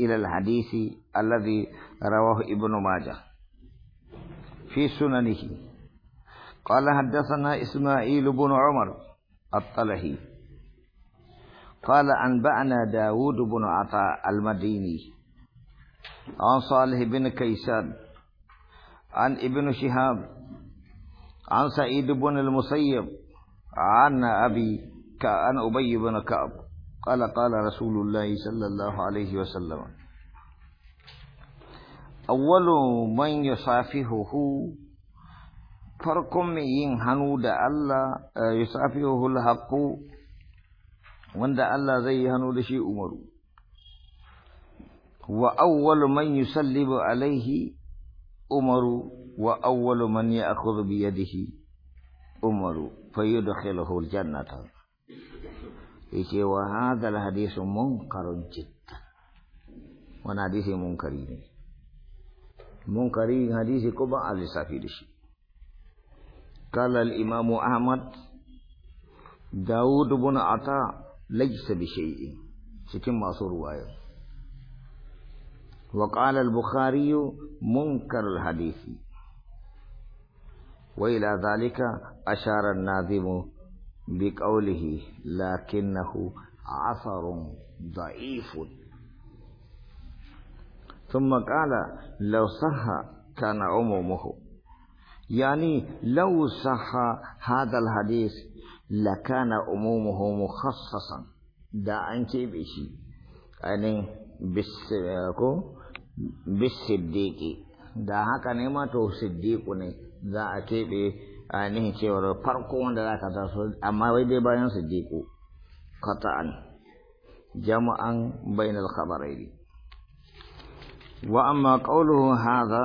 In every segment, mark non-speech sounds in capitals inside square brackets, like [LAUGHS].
إلى الحديث الذي رواه ابن ماجه في سننه قال حدثنا إسماعيل بن عمر الطلحي قال أنبأنا داود بن عطاء المديني عن صالح بن كيسان عن ابن شهاب عن سعيد بن المسيب عن أبي كأن أبي بن كأب قال قال رسول الله صلى الله عليه وسلم أول من يصافحه فرق من هنو دا الله آه، يصافحه الحق وان دا الله زي هنو لشي أمر وأول من يسلب عليه أمر وأول من يأخذ بيده أمر فيدخله الجنة yake wa hadha alhadithu munkarun jiddan wannan hadisi munkari ne munkari hadisi ko ba a lissafi da shi qala al-imamu ahmad daud ibn ata laysa bi shay'in cikin masu ruwaya wa qala al-bukhari munkar al-hadisi wa ila dhalika ashara an-nazim بقوله لكنه عثر ضعيف ثم قال لو صح كان عمومه يعني لو صح هذا الحديث لكان عمومه مخصصا دا أنكي بشي يعني بالصديق دا هكا نيما تو صديق ne za a keɓe a nihin cewar farko wanda za ka taso amma wai dai bayan su jiko kata'an jama'an bainal khabaraini wa amma qawluhu hadha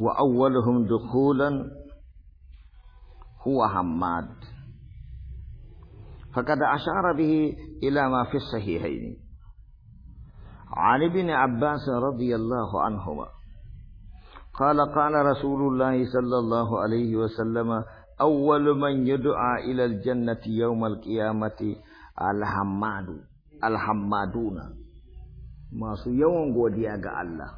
wa awwaluhum dukhulan huwa hammad فقد أشار به إلى ما في الصحيحين عن ابن عباس رضي الله عنهما قال قال رسول الله صلى الله عليه وسلم أول من يدعى إلى الجنة يوم القيامة الحماد الحمادون ما سو يوم غوديا غا الله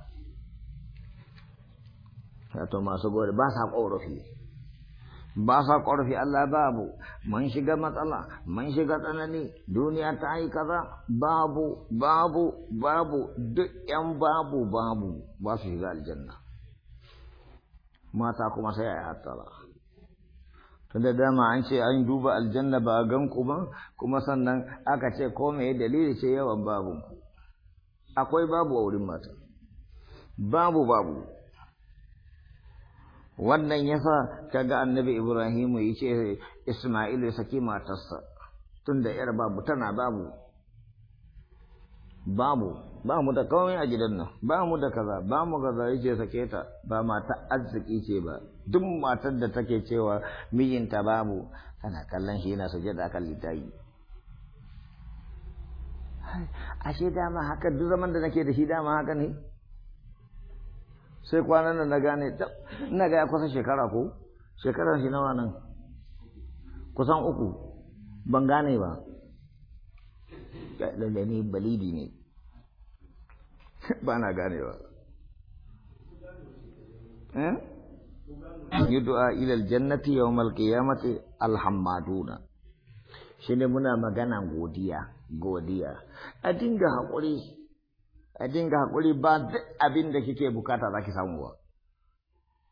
هاتو ما سو غوري باسا قورفي باسا قورفي الله بابو من شي غمت الله من شي غتنني دنيا تاي كذا بابو بابو بابو دو يم بابو بابو باسي غال الجنه mata kuma sai a yi hattara tunda dama an ce an duba aljanna ba gan ku ba kuma sannan aka ce ko me dalili ce yawan babu akwai babu a wurin mata babu babu wannan yasa kaga annabi ibrahimu yace isma'ilu saki matarsa tunda yar babu tana babu Bamu, ba mu da komai a gidan nan ba mu da kaza ba mu kaza ce sake ta ba mata arziki ce ba duk matar da take cewa mijinta babu tana kallon shi yana sujada kan litayi ashe dama haka duk zaman da nake da shi dama haka ne sai kwanan nan na gane ina ga ya kusa shekara ko Shekarar shi nawa nan kusan uku ban gane ba da ni balidi ne [LAUGHS] ba na ganewa eh? yud'a ya aljannati yawm alqiyamati alhammaduna ne muna magana godiya godiya a dinga haƙuri. a dinga haƙuri ba duk abin da kike bukata zaki samu ba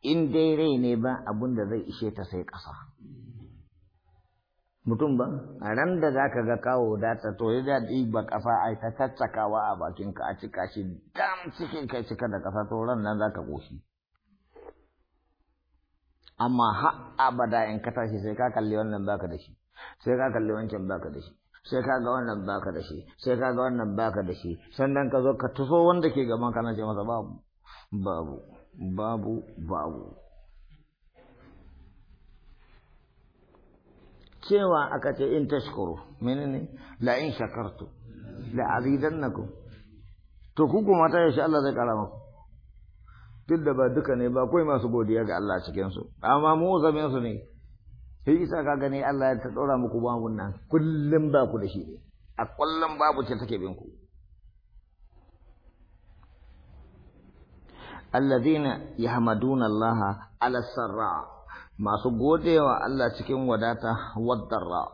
in dai rai ne ba abin da zai ishe ta sai ƙasa mutum ba a nan da za ka ga kawo data to ya da ba ƙasa a ta tattakawa a bakinka a cika shi dam cikin kai cika da ƙasa to ran nan za ka goshi amma ha abada in ka tashi sai ka kalli wannan baka da shi sai ka kalli wancan baka da shi sai ka ga wannan baka da shi sai ka ga wannan baka da shi sannan ka zo ka tuso wanda ke gaban kana ce masa babu babu babu babu cewa aka ce in tashkuru menene la in shakartu la azidannakum to ku kuma ta yashi Allah zai kara maku duk da ba duka ne ba akwai masu godiya ga Allah cikin su amma mu zamin su ne sai isa ka gani Allah ya ta dora muku babu nan kullum ba ku da shi ne a kullum babu ce take bin ku alladhina yahmaduna Allah ala sarra masu godewa Allah cikin wadata waddarra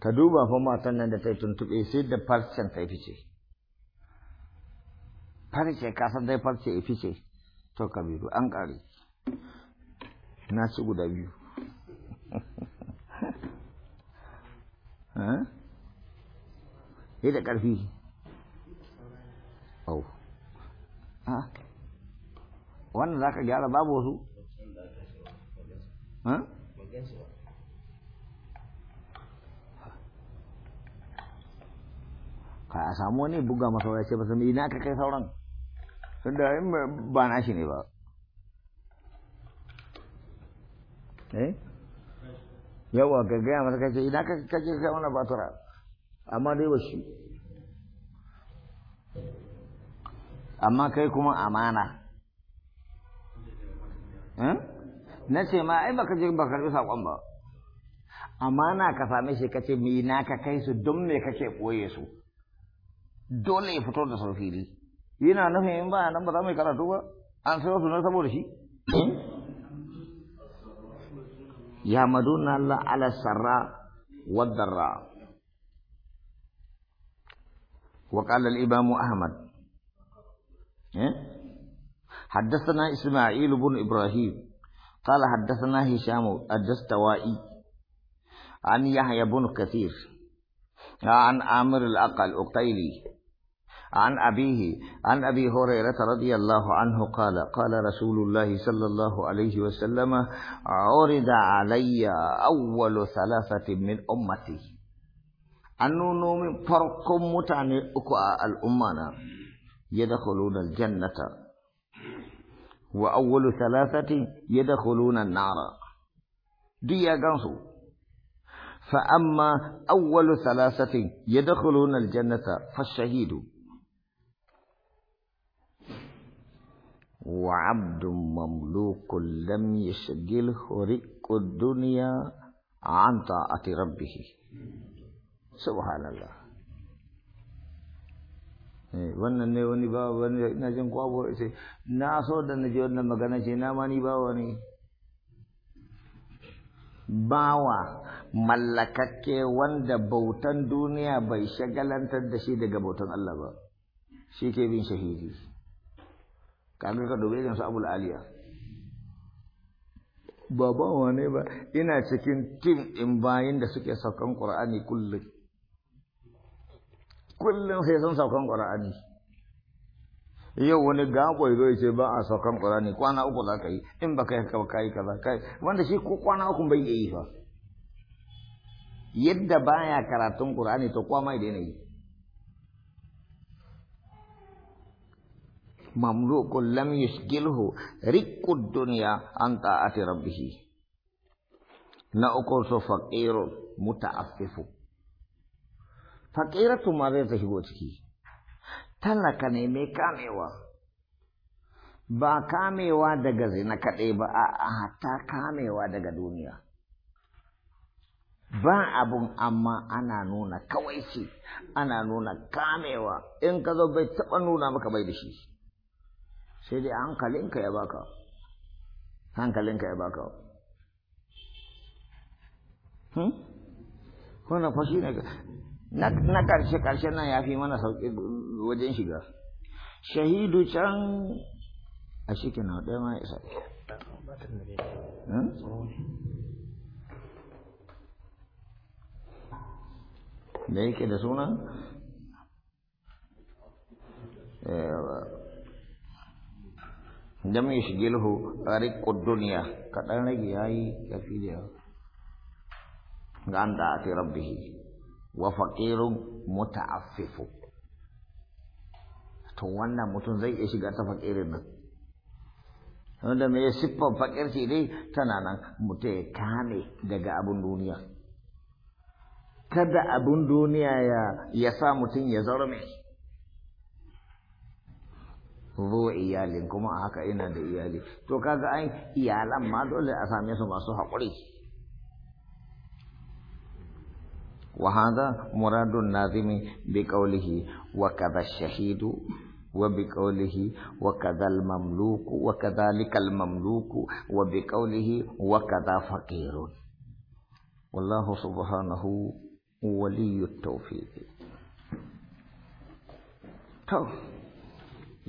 ka duba fa matan nan da ta tuntube sai da farcen ta fice farce ka san dai farce ya fice to kabiru an kare na ci guda biyu [LAUGHS] eh da ƙarfi wannan za ka gyara babu wasu ka a samu wani buga masa waya ce ba sami ina ka kai sauran sun da yin ba na shi ne ba eh? yawa ga gaya masa kace ina ka kace kai wannan batura amma dai wasu amma kai kuma amana Eh? na ce ma ai baka je baka karbi saƙon ba amana ka same shi kace mi na ka kai su don me kake koye su dole ya fito da su yana nufin in ba nan ba za mu yi karatu ba an sayo su na saboda shi hmm? ya maduna Allah ala sarra wa darra wa qala al imam ahmad eh حدثنا إسماعيل بن إبراهيم قال حدثنا هشام الدستوائي عن يحيى بن كثير عن عامر الأقل أقيلي عن أبيه عن أبي هريرة رضي الله عنه قال قال رسول الله صلى الله عليه وسلم عرض علي أول ثلاثة من أمتي أنه نوم فرق متعني أكوى الأمانة يدخلون الجنة وأول ثلاثة يدخلون النار دي قنصو فأما أول ثلاثة يدخلون الجنة فالشهيد وعبد مملوك لم يشغله رق الدنيا عن طاعة ربه سبحان الله Eh, wannan ne wani ba wani ina jin kwabo ita na so da na ji wannan magana ce na ma ni ba wani bawa mallakakke wanda bautan duniya bai shagalantar da shi daga bautan Allah ba shi ke bin shahidi kaga ka dobe jinsu abul aliya ba bawa ne ba ina cikin tim in bayin da suke saukan qur'ani kullum kullum sai sun saukan ƙura'ani yau wani gago ya ce ba a saukan ƙura'ani kwana uku za ka yi in ba ka kai ka yi kaza kai wanda shi ko kwana uku bai iya yi fa yadda baya karatun ƙura'ani to kwama da yanayi mamlukun lam yusgilhu riqqud dunya an ta'ati rabbih na uku so faqirun muta'affifu faƙiratu ma zai ta shigo ciki talaka ne mai kamewa ba kamewa daga zina kaɗai ba a ta kamewa daga duniya ba abun amma ana nuna kawai ce, ana nuna kamewa in ka zo bai taɓa nuna maka bai da shi sai dai hankalinka ya baka hankalinka ya baka hmm? wannan fashi ne na karshe karshe nan ya fi mana sauƙi wajen shiga shahidu can a shi kina ɗaya ma isa hmm? da yake da suna da mai shigilhu a ƙuddun duniya kaɗan rage ya yi ya da ga an da ake rabbihi wa faqirun muta'affifu to wannan mutum zai iya shiga ta faƙirin nan wanda mai siffar faƙirci dai tana nan mutum ya kame daga abin duniya kada abin duniya ya sa mutum ya zarme zuwa iyalin kuma a haka ina da iyali to kaga an iyalan ma dole a same su masu haƙuri وهذا مراد الناظم بقوله وكذا الشهيد وبقوله وكذا المملوك وكذلك المملوك وبقوله وكذا فقير والله سبحانه ولي التوفيق طيب.